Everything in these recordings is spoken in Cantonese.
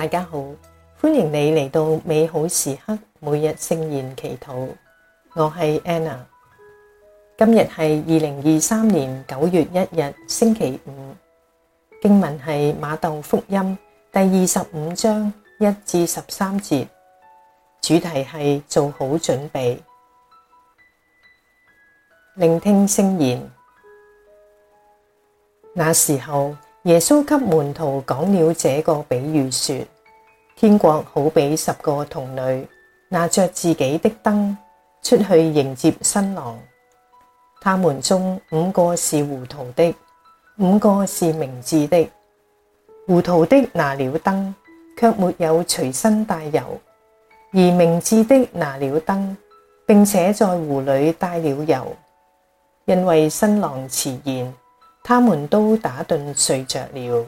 大家好，歡迎你嚟到美好時刻每日聖言祈禱。我係 Anna，今日係二零二三年九月一日星期五，經文係馬竇福音第二十五章一至十三節，主題係做好準備，聆聽聖言。那時候。耶穌給門徒講了這個比喻，說：天國好比十個童女，拿着自己的燈，出去迎接新郎。他們中五個是糊塗的，五個是明智的。糊塗的拿了燈，卻沒有隨身帶油；而明智的拿了燈，並且在壺裏帶了油，因為新郎遲延。他們都打盹睡着了。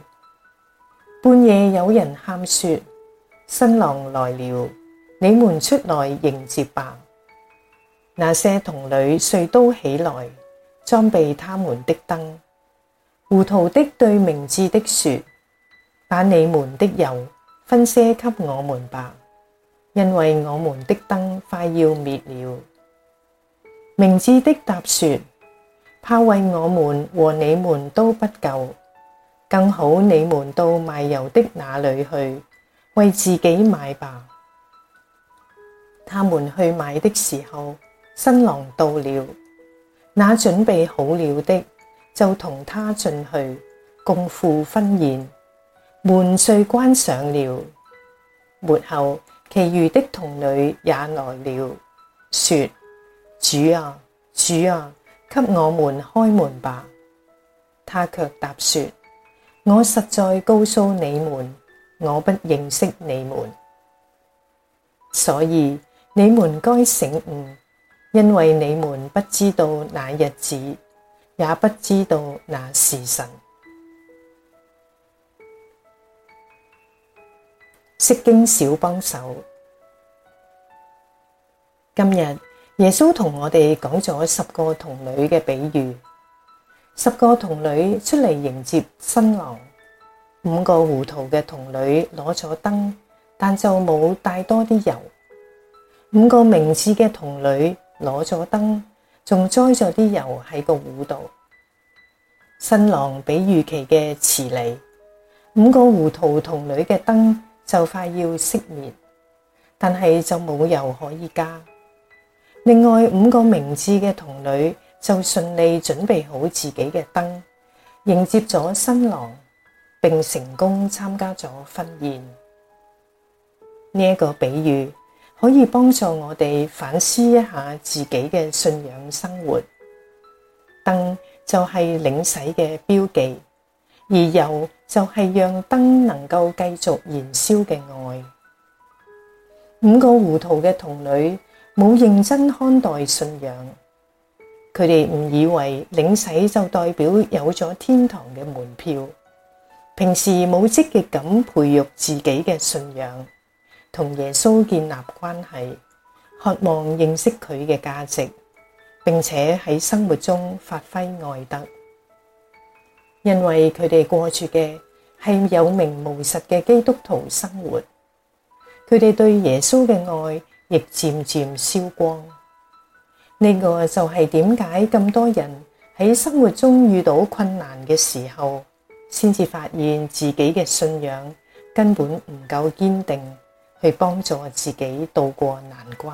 半夜有人喊說：新郎來了，你們出來迎接吧。那些童女遂都起來，裝備他們的燈。糊塗的對明智的說：把你們的油分些給我們吧，因為我們的燈快要滅了。明智的答說。怕為我們和你們都不夠，更好你們到賣油的那裡去，為自己買吧。他們去買的時候，新郎到了，那準備好了的，就同他進去，共赴婚宴。門遂關上了。末後，其餘的童女也來了，說：主啊，主啊！給我們開門吧。他卻答說：我實在告訴你們，我不認識你們，所以你們該醒寤，因為你們不知道那日子，也不知道那時辰。釋經小幫手，今日。耶穌同我哋講咗十個童女嘅比喻，十個童女出嚟迎接新郎，五個糊塗嘅童女攞咗燈，但就冇帶多啲油，五個明智嘅童女攞咗燈，仲載咗啲油喺個壺度。新郎比預期嘅遲嚟，五個糊塗童女嘅燈就快要熄滅，但係就冇油可以加。另外五個明智嘅童女就順利準備好自己嘅燈，迎接咗新郎，並成功參加咗婚宴。呢一個比喻可以幫助我哋反思一下自己嘅信仰生活。燈就係領洗嘅標記，而油就係讓燈能夠繼續燃燒嘅愛。五個糊塗嘅童女，冇認真看待信仰，佢哋誤以為領洗就代表有咗天堂嘅門票。平時冇積極咁培育自己嘅信仰，同耶穌建立關係，渴望認識佢嘅價值，並且喺生活中發揮愛德。因為佢哋過住嘅係有名無實嘅基督徒生活，佢哋對耶穌嘅愛。亦漸漸燒光，呢個就係點解咁多人喺生活中遇到困難嘅時候，先至發現自己嘅信仰根本唔夠堅定，去幫助自己渡過難關。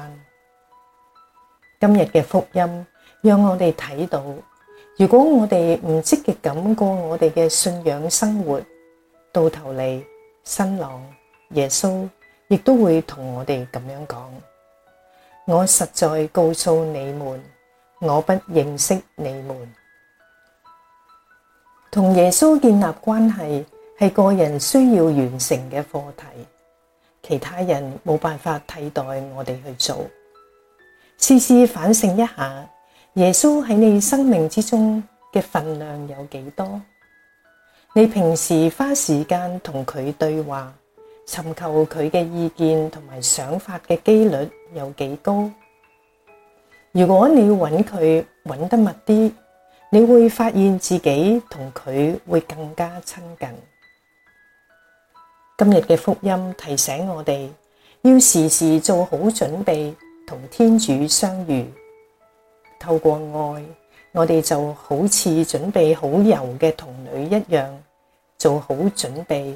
今日嘅福音讓我哋睇到，如果我哋唔積極咁過我哋嘅信仰生活，到頭嚟，新郎耶穌。亦都會同我哋咁樣講，我實在告訴你們，我不認識你們。同耶穌建立關係係個人需要完成嘅課題，其他人冇辦法替代我哋去做。試試反省一下，耶穌喺你生命之中嘅份量有幾多？你平時花時間同佢對話？尋求佢嘅意見同埋想法嘅幾率有幾高？如果你要揾佢揾得密啲，你會發現自己同佢會更加親近。今日嘅福音提醒我哋要時時做好準備同天主相遇。透過愛，我哋就好似準備好油嘅童女一樣，做好準備。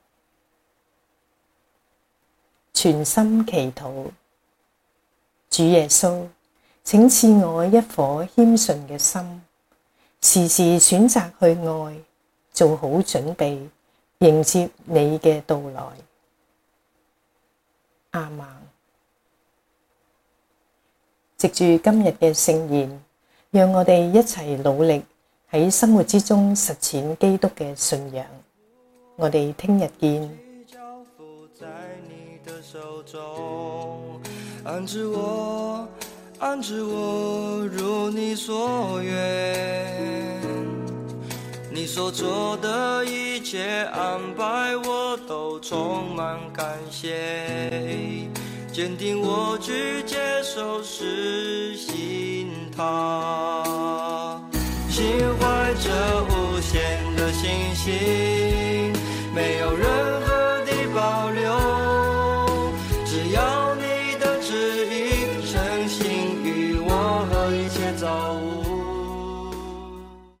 全心祈禱，主耶穌，請賜我一顆謙遜嘅心，時時選擇去愛，做好準備迎接你嘅到來。阿們，藉住今日嘅聖言，讓我哋一齊努力喺生活之中實踐基督嘅信仰。我哋聽日見。手中，安置我，安置我如你所願。你所做的一切安排我，我都充滿感謝。堅定我去接受，是心他，心懷着無限的信心，沒有任何。